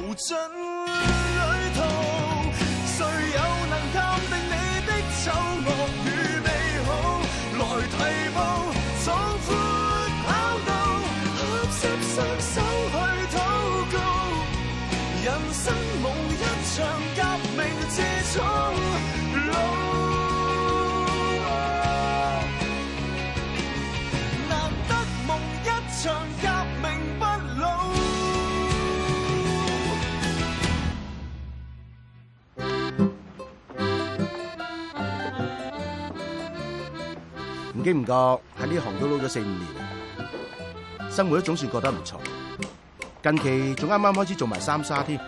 無盡。幾唔覺喺呢行都撈咗四五年，生活都總算過得唔錯。近期仲啱啱開始做埋三沙添。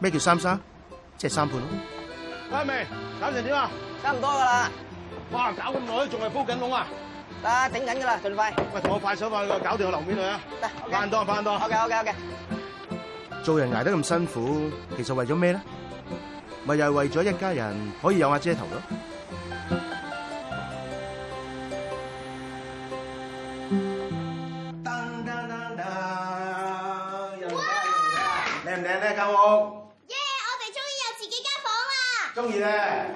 咩叫三沙？即係三判咯。阿妹，搞成點啊？差唔多噶啦。哇，搞咁耐都仲係煲緊籠啊！得，頂緊噶啦，盡快。喂，同我快手快腳搞掂個樓面去啊。得，O K。翻多翻多，O K O K O K。做人捱得咁辛苦，其實為咗咩咧？咪又係為咗一家人可以有瓦遮頭咯。中意咧，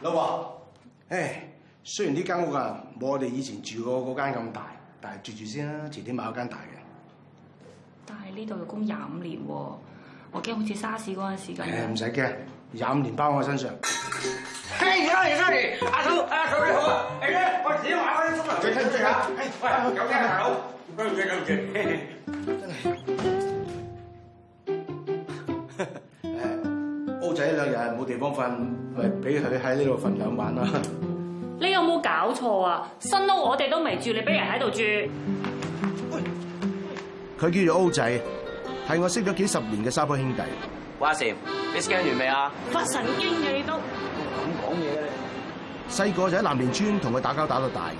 老婆。唉、hey，雖然呢間屋啊冇我哋以前住過嗰間咁大，但係住住先啦。遲啲買嗰間大嘅。但係呢度要供廿五年喎，我驚好似沙士嗰陣時噉。誒，唔使驚，廿五年包我身上。嘿，兩年三阿叔，阿叔你好，我前天買嗰啊？冇地方瞓，咪俾佢喺呢度瞓兩晚啦。你有冇搞錯啊？新屋我哋都未住，你俾人喺度住？佢叫做 O 仔，係我識咗幾十年嘅沙坡兄弟。華少，你 scan 完未啊？發神經嘅，你都唔敢講嘢嘅。細個就喺南面村同佢打交打到大，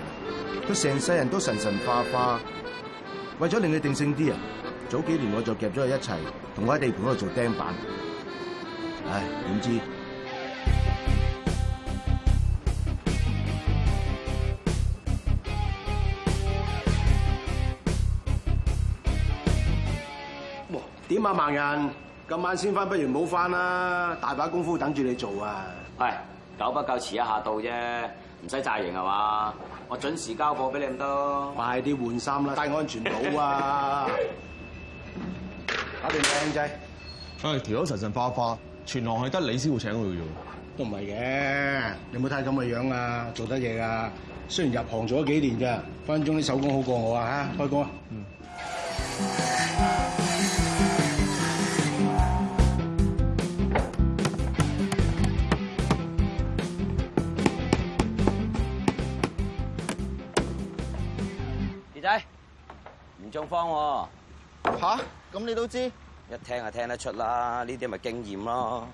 佢成世人都神神化化，為咗令佢定性啲啊，早幾年我就夾咗佢一齊，同我喺地盤度做釘板。哎，點知？哇，點啊盲人？今晚先返，不如唔好返啦，大把功夫等住你做啊！喂，久不夠遲一下到啫，唔使詐型係嘛？我準時交貨俾你咁多，快啲換衫啦，戴安全帽啊 打！打段靚仔，唉、哎，條佬神神花花。全行係得你先會請佢嘅，都唔係嘅，你冇睇咁嘅樣啊，做得嘢啊。雖然入行做咗幾年啫，分分鐘啲手工好過我啊，開開工嗯嗯。嗯。子仔，唔中方喎、啊啊。吓，咁你都知？一聽就聽得出啦，呢啲咪經驗咯。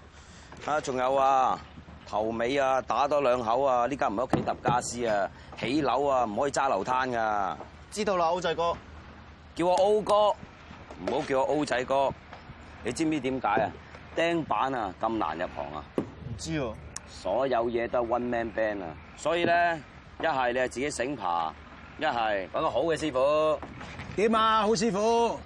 啊，仲有啊，頭尾啊，打多兩口啊，呢家唔喺屋企搭家私啊，起樓啊，唔可以揸流攤㗎。知道啦，O 仔哥，叫我 O 哥，唔好叫我 O 仔哥。你知唔知點解啊？釘板啊，咁難入行啊？唔知啊，所有嘢都係 one man band 啊，所以咧，一係你係自己醒爬，一係搵個好嘅師傅。點啊，好師傅！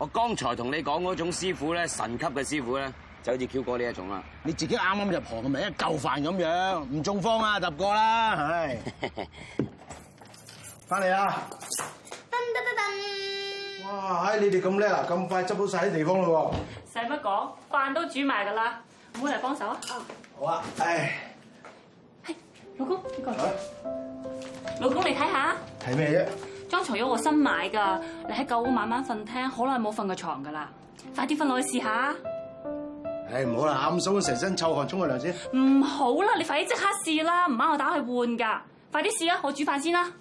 我剛才同你講嗰種師傅咧，神級嘅師傅咧，就好似 Q 哥呢一種啦。你自己啱啱入行咪一嚿飯咁樣，唔中風啊，揼過啦，係。翻嚟啦！登登登登！哇，唉，你哋咁叻啦，咁快執到晒啲地方嘞喎。使乜講？飯都煮埋㗎啦，唔好嚟幫手啊？啊，好啊，唉。嘿，老公，你過嚟。老公你睇下。睇咩啫？張床褥我新買噶，你喺舊屋晚晚瞓廳，好耐冇瞓過床噶啦，快啲瞓落去試下。唉，唔好啦，五嫂，我成身臭汗，沖個涼先。唔好啦，你快啲即刻試啦，唔啱，我打去換噶，快啲試啊，我煮飯先啦。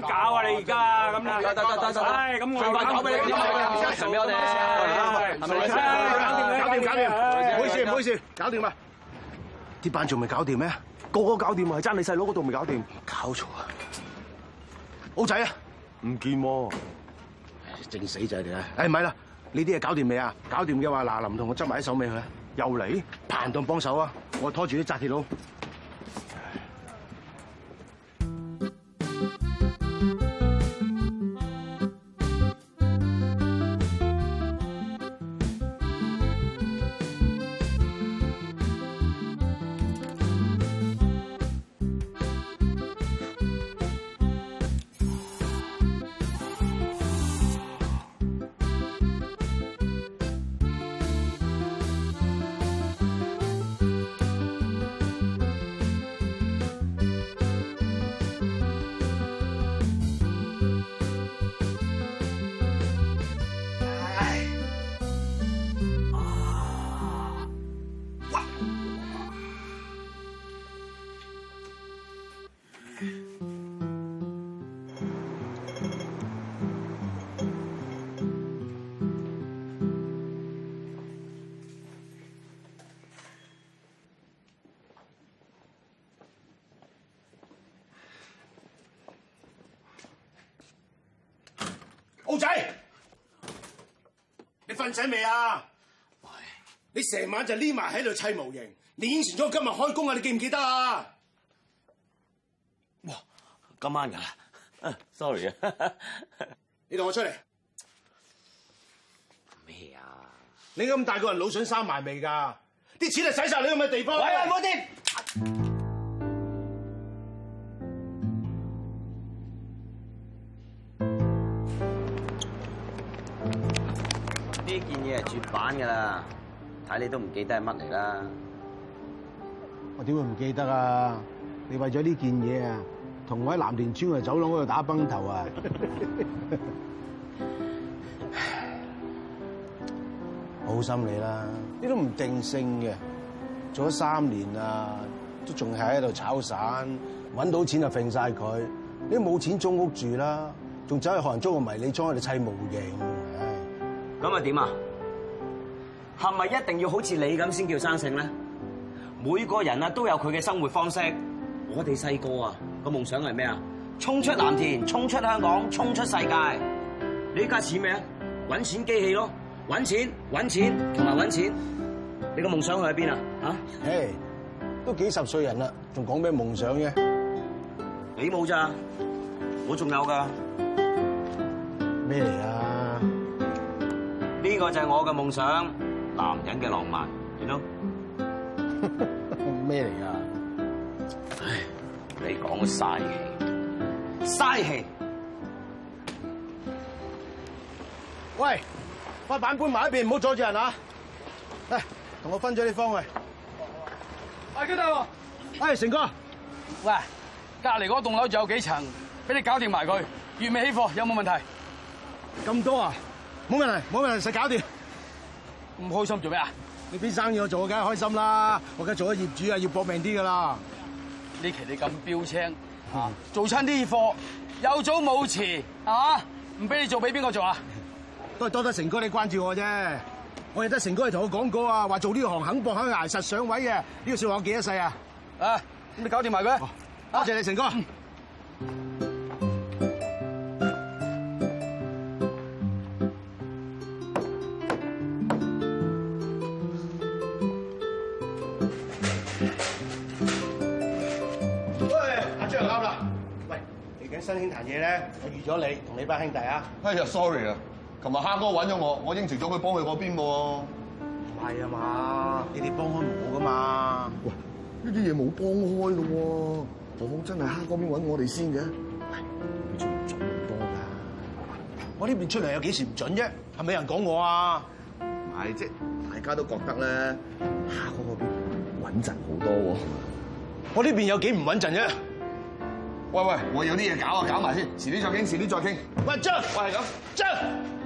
搞啊！你而家咁啦，得得得，唔該。咁我交俾你，俾我哋，係咪搞掂搞掂，唔好意思，唔好意思，搞掂啦。啲班仲未搞掂咩？個個搞掂啊，係爭你細佬嗰度未搞掂？搞錯啊！O 仔啊，唔見喎，正死仔嚟啊！唔係啦，呢啲嘢搞掂未啊？搞掂嘅話，嗱林同我執埋啲手尾去啊！又嚟？彭當幫手啊！我拖住啲扎鐵佬。O 仔，你瞓醒未啊？喂，你成晚就匿埋喺度砌模型，你應承咗今日開工啊？你記唔記得啊？哇，今晚㗎啦，sorry 啊，你同我出嚟咩啊？麼你咁大個人老想，腦筍生埋未㗎？啲錢係使晒你咁嘅地方。喂，唔好掂。你係絕版噶啦，睇你都唔記得係乜嚟啦。我點會唔記得啊？你為咗呢件嘢啊，同我喺南田村個走廊嗰度打崩頭啊！ 唉，好心你啦，你都唔定性嘅，做咗三年啊，都仲係喺度炒散，揾到錢就揈晒佢。你都冇錢租屋住啦，仲走去學人租個迷你倉嚟砌模型。唉，咁啊點啊？係咪一定要好似你咁先叫生性咧？每個人啊都有佢嘅生活方式我的。我哋細個啊個夢想係咩啊？沖出藍田，沖出香港，沖出世界你。你而家似咩啊？搵錢機器咯，搵錢，搵錢同埋搵錢。你個夢想去喺邊啊？吓，都幾十歲人啦，仲講咩夢想嘅？你冇咋，我仲有噶麼。咩嚟啊？呢個就係我嘅夢想。男人嘅浪漫，點咯？咩嚟噶？唉，你講晒嘥氣！嘥氣！喂，把板，板搬埋一邊，唔好阻住人啊！嚟，同我分咗啲方位。係，經理。哎，成哥，喂，隔籬嗰棟樓仲有幾層？俾你搞掂埋佢，月尾起貨有冇問題？咁多啊？冇問題，冇問題，實搞掂。唔開心做咩啊？你邊生意我做，梗係開心啦！我梗係做咗業主啊，要搏命啲噶啦！呢期你咁標青，做親啲貨有早冇遲啊！唔俾你做，俾邊個做啊？都係多得成哥你關注我啫！我亦都成哥同我講過啊，話做呢行肯搏肯捱實上位嘅，呢個說話我幾一世啊！啊，咁你搞掂埋佢，多謝你成哥。新興壇嘢咧，我預咗你同你班兄弟啊！哎呀，sorry 啊，琴日蝦哥揾咗我，我應承咗佢幫佢嗰邊喎。唔係啊嘛，你哋幫開我噶嘛？喂，呢啲嘢冇幫開嘅喎，何況真係蝦哥嗰邊揾我哋先嘅。你做唔準唔多㗎，我呢邊出糧有幾時唔準啫？係咪有人講我啊？唔係，即係大家都覺得咧，蝦哥嗰邊穩陣好多喎。我呢邊有幾唔穩陣啫？喂喂，我有啲嘢搞啊，搞埋先，遲啲再傾，遲啲再傾。喂張，喂係咁，張。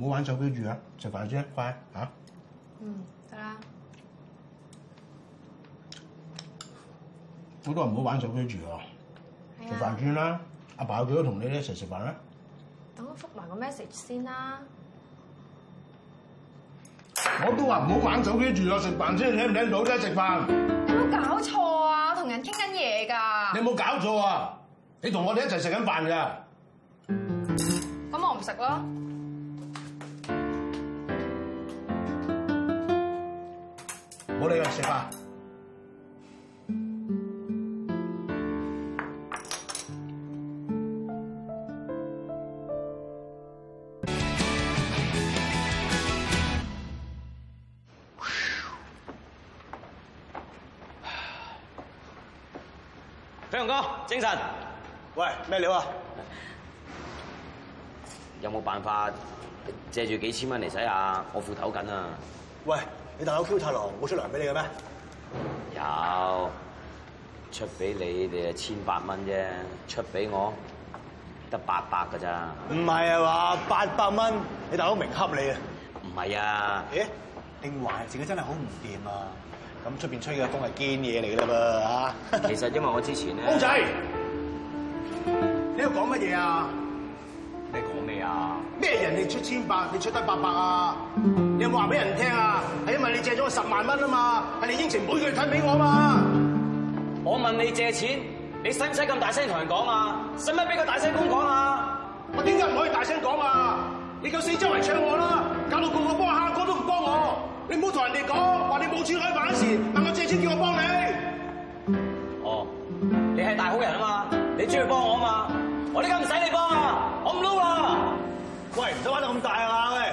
唔好玩手機住啊！食飯先，快嚇！嗯，得啦。好多人唔好玩手機住啊，食飯先啦。阿爸有幾多同你一齊食飯啦！等我覆埋個 message 先啦。我都話唔好玩手機住啊！食飯先，你聽唔聽到都喺食飯？你有冇搞錯啊？同人傾緊嘢㗎！你有冇搞錯啊？你同我哋一齊食緊飯㗎。咁我唔食啦。冇理由，食飯。飛熊哥，精神？喂，咩料啊？有冇辦法借住幾千蚊嚟使下？我褲頭緊啊！喂。你大佬 Q 太郎冇出糧俾你嘅咩？有出俾你，哋啊千百蚊啫，出俾我得八百㗎咋？唔係啊嘛，八百蚊你大佬明恰你唔係啊、欸？唔係啊？咦？定還自己真係好唔掂啊？咁出邊吹嘅風係堅嘢嚟㗎噃嚇。其實因為我之前咧，阿 O 仔，你喺度講乜嘢啊？你講咩啊？咩人哋出千八，你出得八百啊？你有冇話俾人聽啊？係因為你借咗我十萬蚊啊嘛，係你應承每個月攤俾我嘛。我問你借錢，你使唔使咁大聲同人講啊？使唔使俾佢大聲公講啊？我點解唔可以大聲講啊？你夠四周圍唱我啦，搞到個個幫下哥都唔幫我。你唔好同人哋講話你冇錢開飯時問我借錢，叫我幫你。哦，你係大好人啊嘛，你中意幫我啊嘛，我呢家唔使你幫。喂，你玩到咁大啊？喂！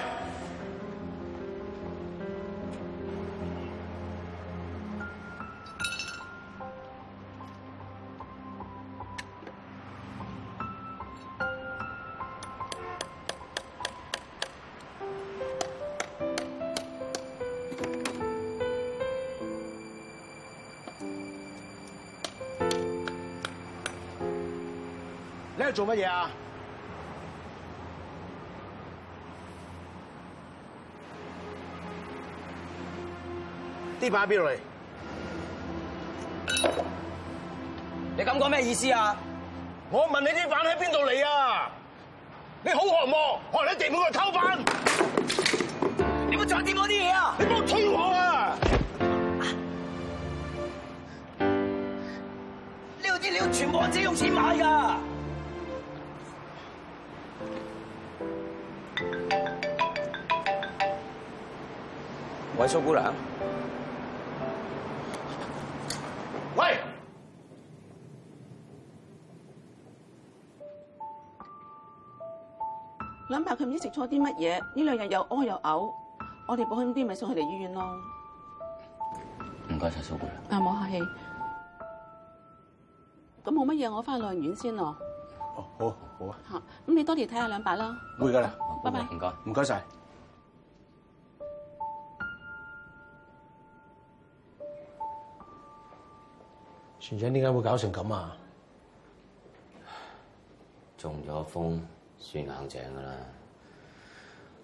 你係做乜嘢啊？啲板喺邊度嚟？你咁講咩意思啊？我問你啲板喺邊度嚟啊？你好惡幕，學你地盤度偷犯，你冇再掂我啲嘢啊？你幫我推我啊！呢度啲料全部我自己用錢買㗎。喂。蘇姑娘諗下佢唔知食錯啲乜嘢，呢兩日又屙又嘔，我哋保險啲咪送去嚟醫院咯。唔該晒蘇姑娘。啊，唔客氣。咁冇乜嘢，我翻去老人院先咯。哦，好啊好啊。吓、啊，咁你多啲睇下兩伯啦。會噶啦，好好拜拜。唔該，唔該晒。船長點解會搞成咁啊？中咗風。算硬淨噶啦，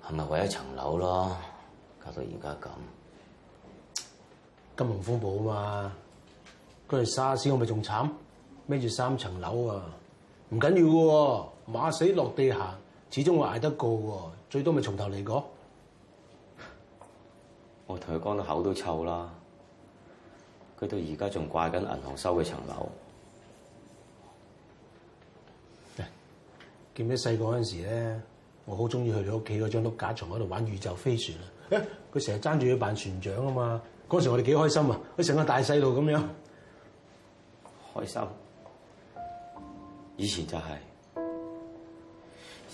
係咪為一層樓咯？搞到而家咁，金融風暴啊嘛，佢哋沙士我咪仲慘，孭住三層樓啊！唔緊要嘅，馬死落地行，始終會捱得過，最多咪從頭嚟過。我同佢講到口都臭啦，佢到而家仲掛緊銀行收嘅層樓。記唔記得細個嗰陣時咧，我好中意去你屋企嗰張碌架床嗰度玩宇宙飛船啦！佢成日爭住要扮船長啊嘛！嗰時我哋幾開心啊，佢成個大細路咁樣，開心。開心以前就係，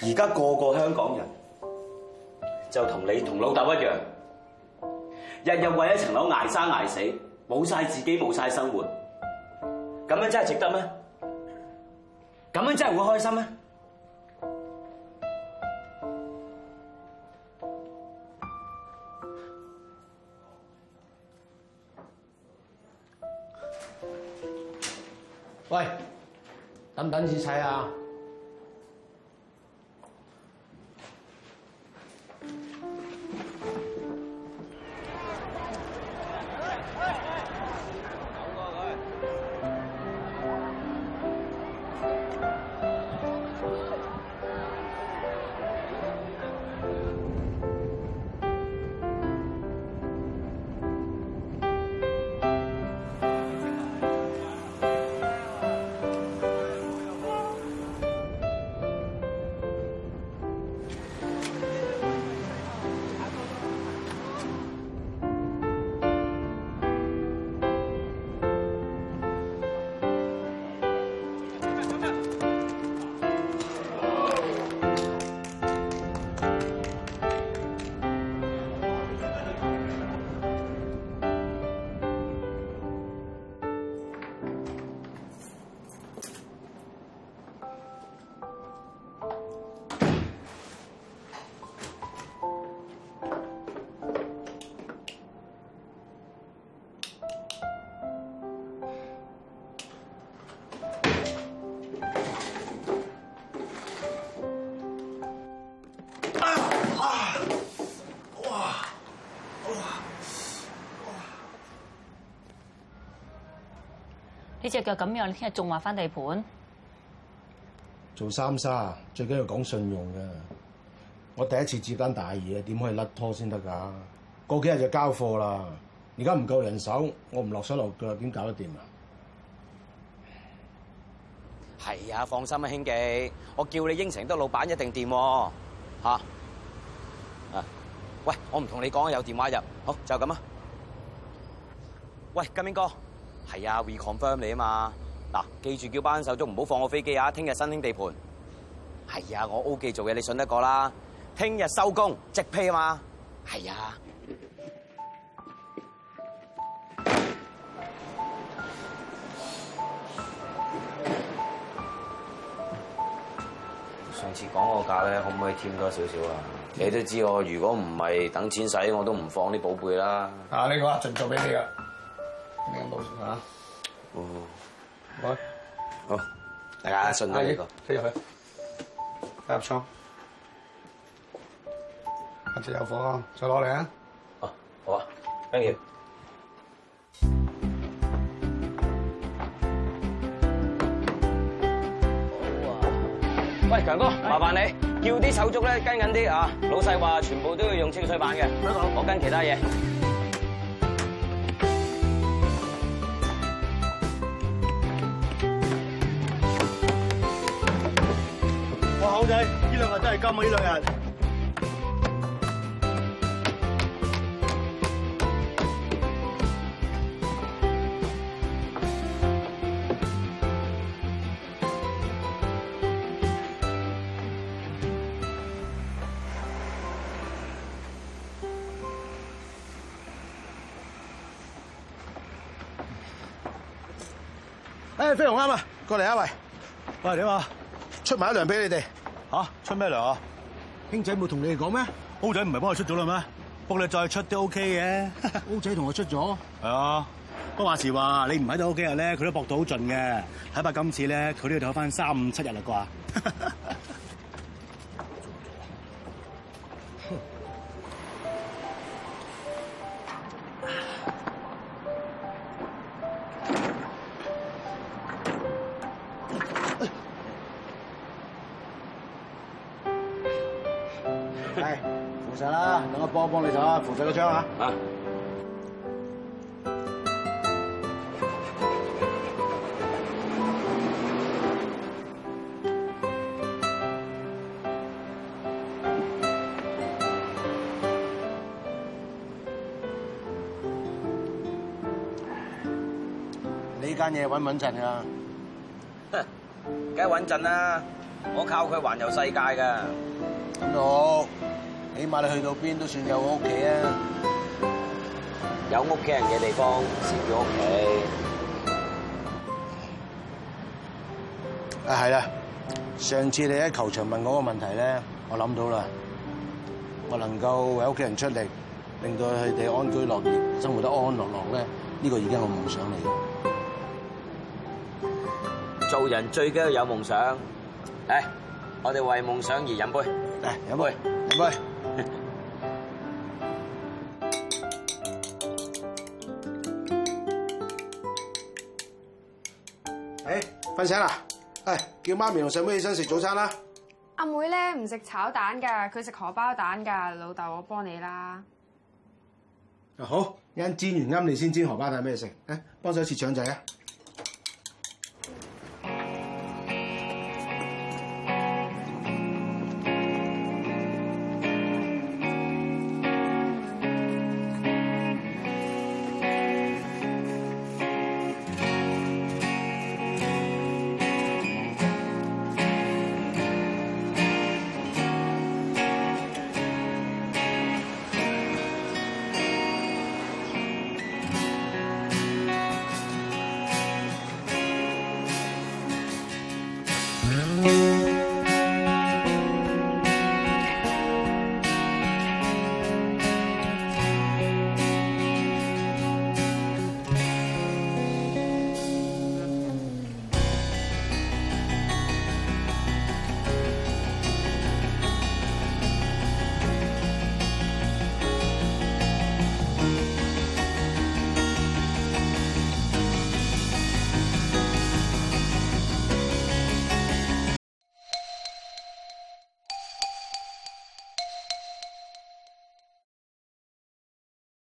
而家個個香港人就同你同老豆一樣，日日為一層樓捱生捱死，冇晒自己，冇晒生活，咁樣真係值得咩？咁樣真係會開心咩？喂，等唔等去睇啊？呢隻腳咁樣，你聽日仲話返地盤？做三沙最緊要講信用噶，我第一次接單大嘢，點可以甩拖先得噶？過幾日就交貨啦，而家唔夠人手，我唔落手落腳，點搞得掂啊？係啊、哎，放心啊，興記，我叫你應承得，老闆一定掂、啊、吓、啊啊、喂，我唔同你講，有電話入，好就咁啊！喂，金英哥。係啊 we confirm 你啊嘛。嗱，記住叫班手足唔好放我飛機啊！聽日新興地盤。係啊，我 O 記做嘢，你信得過啦。聽日收工即批啊嘛。係啊。上次講個價咧，可唔可以添多少少啊？你都知我，如果唔係等錢使，我都唔放啲寶貝啦。啊，呢個阿俊做俾你噶。咁多嚇，哦，好，大家信我呢個，推入去，入倉，一隻有貨，再攞啊啊。好啊，thank you。好啊，喂，強哥，麻煩你叫啲手足咧跟緊啲啊，老細話全部都要用清水板嘅，我跟其他嘢。呢兩個真係金啊！呢兩個哎，飛鴻啱啊，過嚟啊，喂，喂，點啊？出埋一糧俾你哋。吓，出咩糧啊？兄仔冇同你哋講咩？O 仔唔係幫佢出咗啦咩？幫你再出都 OK 嘅。O 仔同我出咗。係啊，不過話時話，你唔喺度 O 幾日咧，佢都搏到好盡嘅。睇怕今次咧，佢呢度走翻三五七日啦啩。上啦，等我幫我幫你手扶住嗰窗嚇。啊！你間嘢穩唔穩陣㗎？梗係穩陣啦，我靠佢環遊世界㗎。咁就起碼你去到邊都算有屋企啊！有屋企人嘅地方先叫屋企。啊，係啦，上次你喺球場問我個問題咧，我諗到啦，我能夠為屋企人出力，令到佢哋安居樂業，生活得安安樂樂咧，呢個已經係我夢想嚟。做人最緊要有夢想。嚟，我哋為夢想而飲杯，杯。嚟，飲杯，飲杯。誒 Hey,，瞓醒啦？唉，叫媽咪同細妹起身食早餐啦。阿妹咧唔食炒蛋噶，佢食荷包蛋噶。老豆，我幫你啦。好，一陣煎完啱你先煎荷包蛋，咩、hey, 食？誒，幫手切腸仔啊！